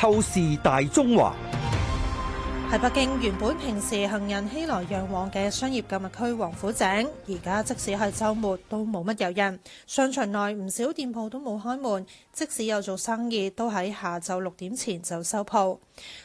透視大中華，喺北京，原本平時行人熙來攘往嘅商業購物區王府井，而家即使係周末都冇乜遊人。商場內唔少店鋪都冇開門，即使有做生意，都喺下晝六點前就收鋪。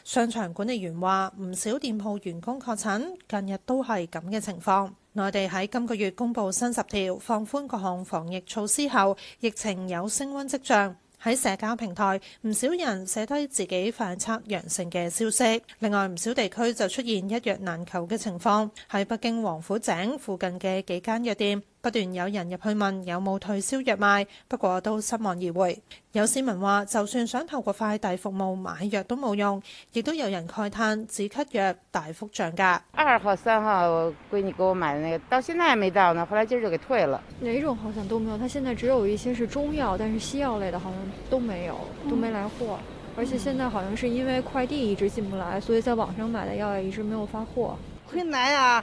商場管理員話，唔少店鋪員工確診，近日都係咁嘅情況。內地喺今個月公布新十條放寬各項防疫措施後，疫情有升溫跡象。喺社交平台，唔少人寫低自己反測陽性嘅消息。另外，唔少地區就出現一藥難求嘅情況。喺北京王府井附近嘅幾間藥店，不斷有人入去問有冇退燒藥賣，不過都失望而回。有市民話，就算想透過快遞服務買藥都冇用，亦都有人慨嘆止咳藥大幅漲價。二號、三號，我閨女給我買的那個，到現在還沒到呢，後來今兒就給退了。哪種好像都沒有，他現在只有一些是中藥，但是西藥類的好像都沒有，都沒來貨，嗯。而且現在好像是因為快遞一直進不來，所以在網上買的藥一直沒有發貨。困難啊！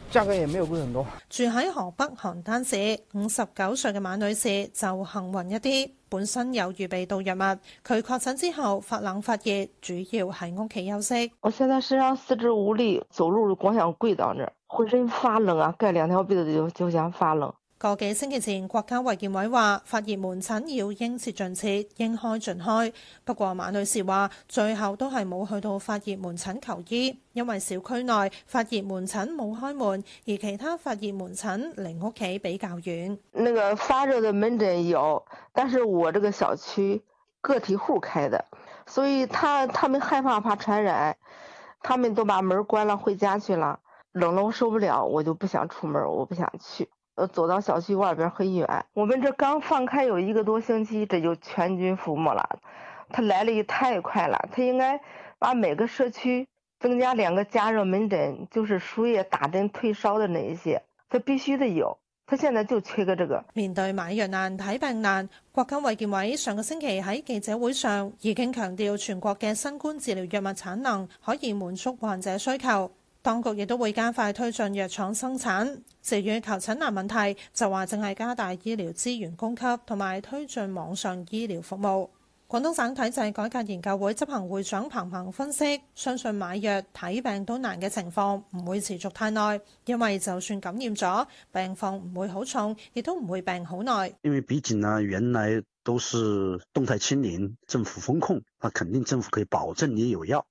價格也沒有貴很多。住喺河北邯鄲市五十九歲嘅馬女士就幸運一啲，本身有預備到藥物。佢確診之後發冷發熱，主要喺屋企休息。我現在身上四肢無力，走路就光想跪到那兒，渾身發冷啊，蓋兩條被子就就想發冷。個幾星期前，國家衛健委話發熱門診要應設盡設，應開盡開。不過馬女士話，最後都係冇去到發熱門診求醫，因為小區內發熱門診冇開門，而其他發熱門診離屋企比較遠。那個發熱的門診有，但是我這個小區個體戶開的，所以他他們害怕怕傳染，他們都把門關了回家去了。冷了我受不了，我就不想出門，我不想去。呃，走到小區外邊很遠。我們這剛放開有一個多星期，這就全軍覆沒了。他來了也太快了。他應該把每個社區增加兩個發熱門診，就是輸液、打針、退燒的那一些。他必須得有。他現在就缺個這個。面對買藥難、睇病難，國家衛健委上個星期喺記者會上已經強調，全國嘅新冠治療藥物產能可以滿足患者需求。當局亦都會加快推進藥廠生產，至於求診難問題，就話淨係加大醫療資源供給同埋推進網上醫療服務。廣東省體制改革研究會執行會長彭鵬分析，相信買藥睇病都難嘅情況唔會持續太耐，因為就算感染咗，病況唔會好重，亦都唔會病好耐。因為畢竟呢，原來都是動態清零，政府封控，那肯定政府可以保證你有藥。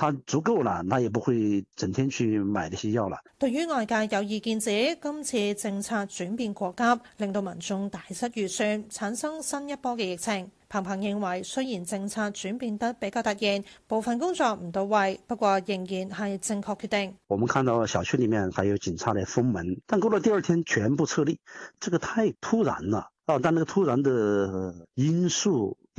他足夠了，他也不會整天去買那些藥了。對於外界有意見指，今次政策轉變過急，令到民眾大失預算，產生新一波嘅疫情。鵬鵬認為，雖然政策轉變得比較突然，部分工作唔到位，不過仍然係正確決定。我們看到小區裏面還有警察嚟封門，但過了第二天全部撤離，這個太突然啦。哦，但呢個突然的因素。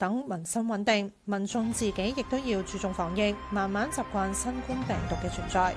等民生穩定，民眾自己亦都要注重防疫，慢慢習慣新冠病毒嘅存在。